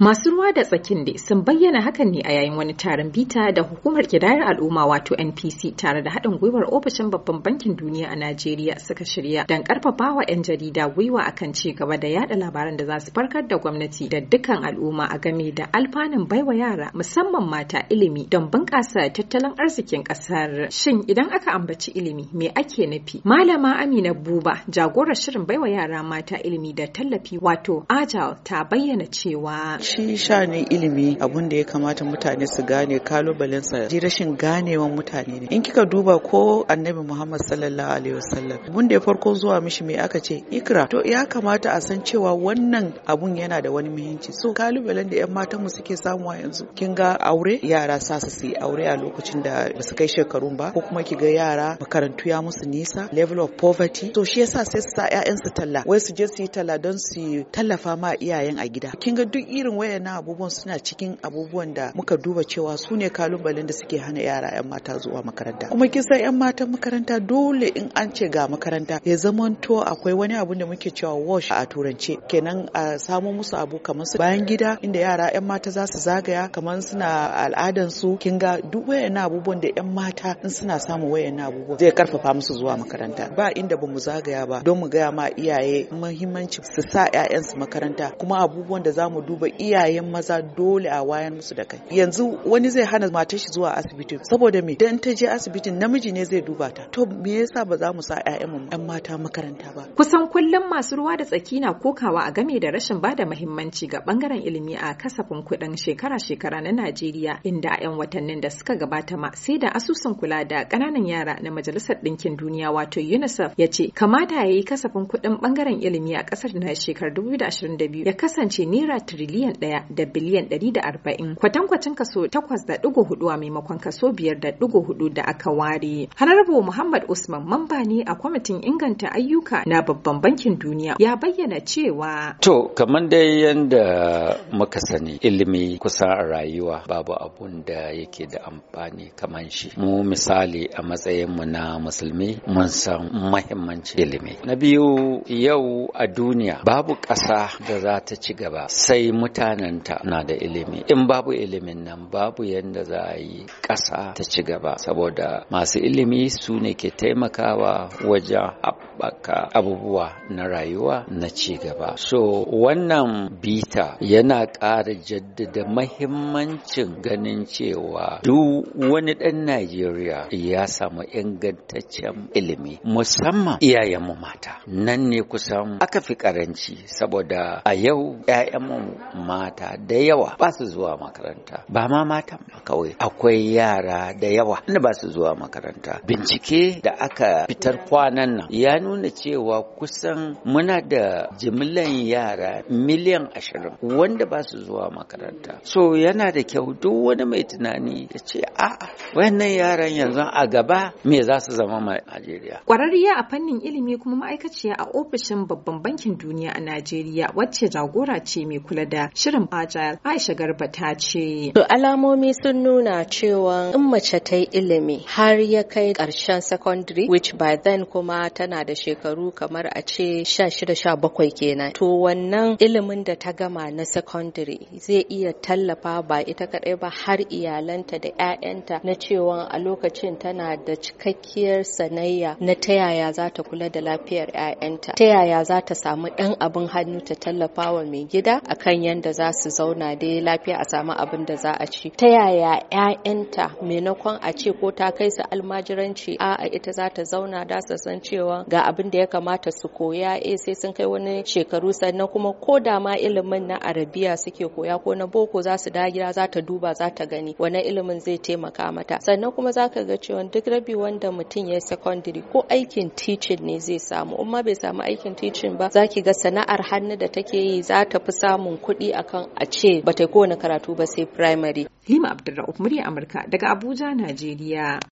Masu ruwa da tsakin dai sun bayyana hakan ne a yayin wani taron bita da hukumar kidayar al'umma wato NPC tare da haɗin gwiwar ofishin babban bankin duniya a Najeriya suka shirya don karfafa wa 'yan jarida gwiwa akan ci gaba da yada labaran da za su farkar da gwamnati da dukkan al'umma a game da alfanun baiwa yara musamman mata ilimi don bunƙasa tattalin arzikin ƙasar. Shin idan aka ambaci ilimi me ake nufi? Malama Amina Buba jagorar shirin baiwa yara mata ilimi da tallafi wato Agile ta bayyana cewa shi ne ilimi abun da ya kamata mutane su gane kalubalensa ji rashin ganewan mutane ne in kika duba ko annabi muhammad sallallahu alaihi wasallam abun da ya farko zuwa mishi me aka ce ikra to ya kamata a san cewa wannan abun yana da wani muhimmanci so kalubalen da yan matan mu suke samu a yanzu kin ga aure yara sa su yi aure a lokacin da ba su kai shekaru ba ko kuma ki ga yara makarantu ya musu nisa level of poverty to shi yasa sai su sa ƴaƴan su talla wai su je su yi talla don su tallafa ma iyayen a gida kin ga duk irin irin wayannan abubuwan suna cikin abubuwan da muka duba cewa su ne kalubalen da suke hana yara 'yan mata zuwa makaranta kuma kisa 'yan matan makaranta dole in an ce ga makaranta ya zamanto akwai wani abu da muke cewa wash a turance kenan a samo musu abu kamar su bayan gida inda yara 'yan mata za su zagaya kamar suna su kin ga duk wayannan abubuwan da 'yan mata in suna samun wayannan abubuwan zai karfafa musu zuwa makaranta ba inda ba mu zagaya ba don mu gaya ma iyaye muhimmanci su sa 'ya'yansu makaranta kuma abubuwan da za mu duba iyayen maza dole a wayan musu da kai yanzu wani zai hana matar shi zuwa asibiti saboda me dan ta je asibitin namiji ne zai duba ta to me yasa ba za mu sa ƴaƴan mu ƴan mata makaranta ba kusan kullum masu ruwa da tsaki na kokawa a game da rashin bada muhimmanci ga bangaren ilimi a kasafin kuɗin shekara-shekara na Najeriya inda a ƴan watannin da suka gabata ma sai da asusun kula da ƙananan yara na Majalisar Ɗinkin Duniya wato UNICEF ya ce kamata ya yi kasafin kuɗin bangaren ilimi a ƙasar na shekarar 2022 ya kasance naira tiriliyan ɗaya da biliyan ɗari da arba'in kwatankwacin kaso takwas da ɗigo hudu a maimakon kaso biyar da ɗigo hudu da aka ware. Hararbo Muhammad Usman mamba ne a kwamitin inganta ayyuka na babban bankin duniya ya bayyana cewa. To kamar dai yadda muka sani ilimi kusa a rayuwa babu abun da yake da amfani kamar shi. Mu misali a matsayinmu na musulmi mun san mahimmancin ilimi. Na biyu yau a duniya babu ƙasa da za ta ci gaba sai mutane mutanenta na da ilimi in babu ilimin nan babu yadda za a yi ƙasa ta ci gaba saboda masu ilimi su ne ke taimakawa wajen haɓaka abubuwa na rayuwa na cigaba. So wannan bita yana ƙara jaddada mahimmancin ganin cewa duk wani ɗan Najeriya ya samu ingantaccen ilimi musamman iyayenmu mata. Nan ne kusan aka fi ƙaranci saboda a yau 'ya'yanmu mata da yawa ba su zuwa makaranta ba ma matan kawai akwai yara da yawa da ba su zuwa makaranta. Bincike da aka fitar kwanan nan ya nuna cewa kusan muna da jimilan yara miliyan ashirin wanda ba su zuwa makaranta so yana da kyau duk wani mai tunani ya ce a'a wannan yaran yanzu a gaba me za su zama ma Najeriya kwararriya a fannin ilimi kuma ma'aikaciya a ofishin babban bankin duniya a Najeriya wacce jagora ce mai kula da shirin agile Aisha Garba ta ce to alamomi sun nuna cewa in mace ta yi ilimi har ya kai ƙarshen secondary which by then kuma tana da da shekaru kamar a ce 16 bakwai kenan to wannan ilimin da ta gama na secondary zai iya tallafa ba ita kadai ba har iyalanta da 'ya'yanta na cewa a lokacin tana da cikakkiyar sanayya na ta yaya za ta kula da lafiyar 'ya'yanta ta yaya za ta samu ɗan abin hannu ta tallafa wa mai gida A kan yadda za su zauna dai lafiya a samu abin da za a ci ta yaya 'ya'yanta maimakon a ce ko ta kai su almajiranci A'a, ita za ta zauna da su san cewa ga abin da ya kamata su koya eh sai sun kai wani shekaru sannan kuma ko da ma ilimin na arabiya suke koya ko na boko za su dagira za ta duba za ta gani wani ilimin zai taimaka mata sannan kuma za ka ga cewa duk rabi wanda mutum ya yi secondary ko aikin teaching ne zai samu umma bai samu aikin teaching ba za ki ga sana'ar hannu da take yi za ta fi samun kuɗi akan a ce ba ta kowane karatu ba sai primary. Lima Abdulrahman murya Amurka daga Abuja, Najeriya.